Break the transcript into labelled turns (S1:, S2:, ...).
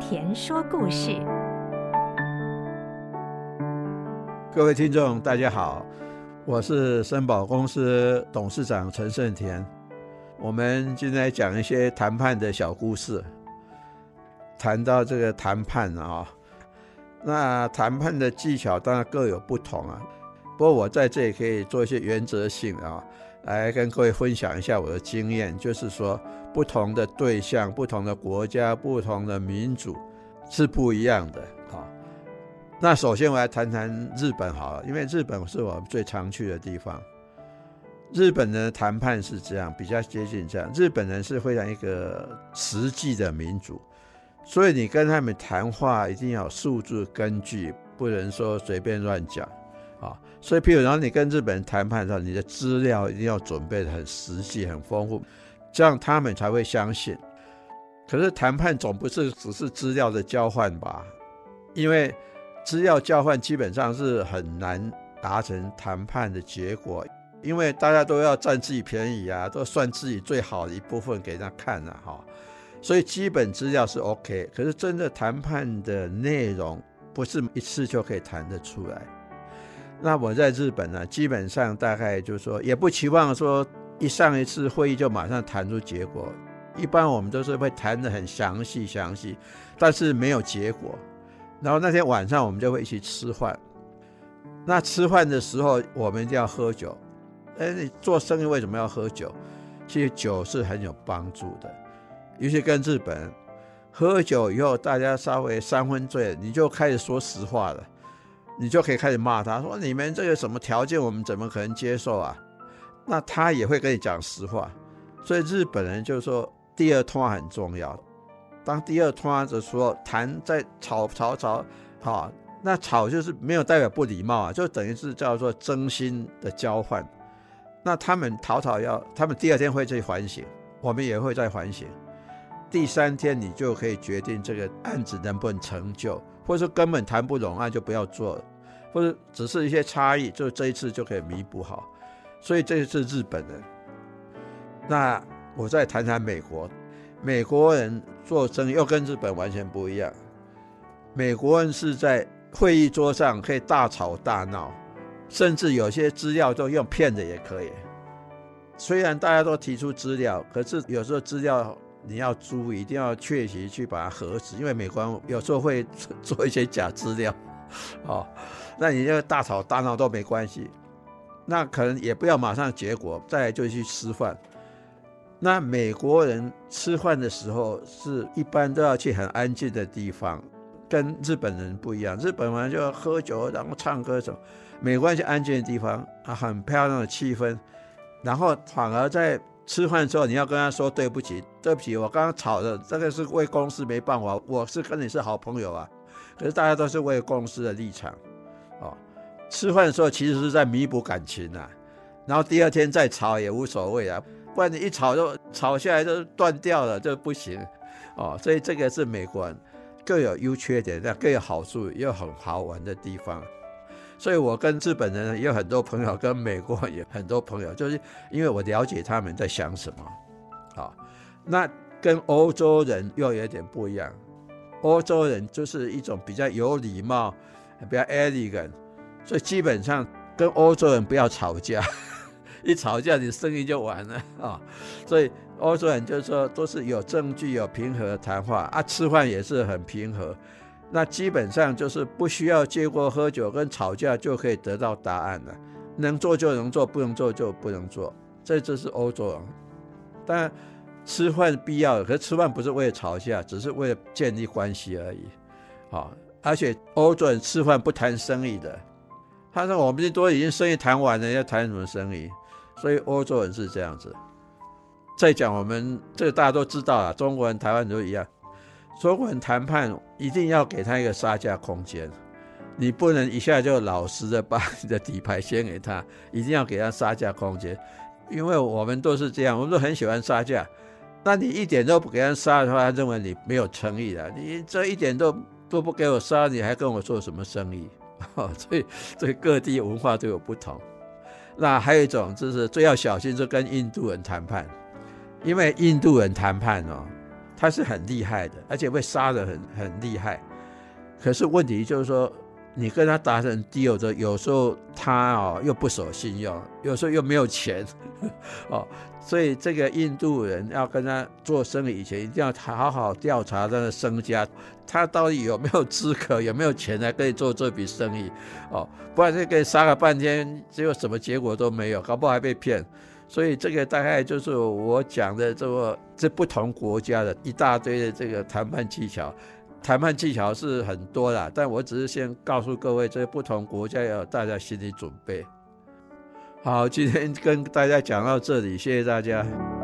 S1: 沺說故事，各位聽眾大家好，我是聲寶公司董事長陳盛沺。我們今天來講一些談判的小故事。談到這個談判啊、哦，那談判的技巧當然各有不同啊，不過我在這裡可以做一些原則性啊、哦。來跟各位分享一下我的經驗，就是說不同的對象、不同的國家、不同的民族是不一樣的。啊，那首先我來談談日本，好了，因為日本是我最常去的地方。日本人的談判是這樣，比較接近這樣。日本人是非常一個實際的民族，所以你跟他們談話一定要有數字根據，不能說隨便亂講。啊，所以，譬如，然後你跟日本人談判的時候，你的資料一定要準備的很實際、很豐富，這樣他們才會相信。可是談判總不是只是資料的交換吧？因為資料交換基本上是很難達成談判的結果，因為大家都要占自己便宜啊，都算自己最好的一部分給人家看啊。哈。所以基本資料是 OK，可是真的談判的內容不是一次就可以談得出來。那我在日本呢，基本上大概就是說，也不期望說一上一次會議就馬上談出結果。一般我們都是會談得很詳細詳細，但是沒有結果。然後那天晚上我們就會一起吃飯。那吃飯的時候我們就要喝酒。哎，你做生意為什麼要喝酒？其實酒是很有幫助的，尤其跟日本，喝酒以後大家稍微三分醉，你就開始說實話了。你就可以開始罵他說，說你們這個什麼條件，我們怎麼可能接受啊？那他也會跟你講實話，所以日本人就說第二通話很重要。當第二通話的時候，談在吵吵吵，吵，那吵就是沒有代表不禮貌啊，就等於是叫做真心的交換。那他們吵吵要，他們第二天會去反省，我們也會再反省。第三天你就可以決定這個案子能不能成就，或者說根本談不攏，那就不要做，或者只是一些差異，就這一次就可以彌補好。所以這是日本人，那我再談談美國，美國人做生意又跟日本完全不一樣。美國人是在會議桌上可以大吵大鬧，甚至有些資料都用騙的也可以。雖然大家都提出資料，可是有時候資料。你要租，一定要確實去把它核實，因為美國人有時候會做一些假資料，哦，那你就大吵大鬧都沒關係，那可能也不要馬上結果，再來就去吃飯。那美國人吃飯的時候是一般都要去很安靜的地方，跟日本人不一樣，日本人就喝酒，然後唱歌什麼，美國人去安靜的地方啊，很漂亮的氣氛，然後反而在。吃飯的時候你要跟他說對不起，對不起，我剛剛，我剛剛吵的這個是為公司沒辦法，我是跟你是好朋友啊，可是大家都是為公司的立場，哦，吃飯的時候其實是在彌補感情啊，然後第二天再吵也無所謂啊，不然你一吵就吵下來就斷掉了就不行，哦，所以這個是美國人各有優缺點，但各有好處又很好玩的地方。所以我跟日本人有很多朋友，跟美國也很多朋友，就是因為我了解他們在想什麼，好，那跟歐洲人又有點不一樣。歐洲人就是一種比較有禮貌、比較 elegant，所以基本上跟歐洲人不要吵架，一吵架你生意就完了啊。所以歐洲人就是說都是有證據、有平和的談話啊，吃飯也是很平和。那基本上就是不需要借過喝酒跟吵架就可以得到答案了，能做就能做，不能做就不能做，這就是歐洲人。但吃飯必要，可是吃飯不是為了吵架，只是為了建立關係而已。啊、哦，而且歐洲人吃飯不談生意的，他說我們都已經生意談完了，要談什麼生意？所以歐洲人是這樣子。再講我們這個、大家都知道啦，中國人、台灣人都一樣。中國人談判一定要給他一個殺價空間，你不能一下就老實的把你的底牌先給他，一定要給他殺價空間，因為我們都是這樣，我們都很喜歡殺價。那你一點都不給人殺的話，他認為你沒有誠意了。你這一點都都不給我殺，你還跟我做什麼生意？哦，所以，所以各地文化都有不同。那還有一種就是最要小心，就跟印度人談判，因為印度人談判哦。他是很厲害的，而且會殺的很很厲害。可是問題就是說，你跟他達成 deal 之後，有時候他哦又不守信用，有時候又沒有錢 哦，所以這個印度人要跟他做生意以前，一定要好好調查他的身家，他到底有沒有資格，有沒有錢來可以做這筆生意哦。不然就給你殺了半天，只有什麼結果都沒有，搞不好還被騙。所以這個大概就是我講的這個這不同國家的一大堆的這個談判技巧，談判技巧是很多的，但我只是先告訴各位，這不同國家要有大家心理準備。好，今天跟大家講到這裡，謝謝大家。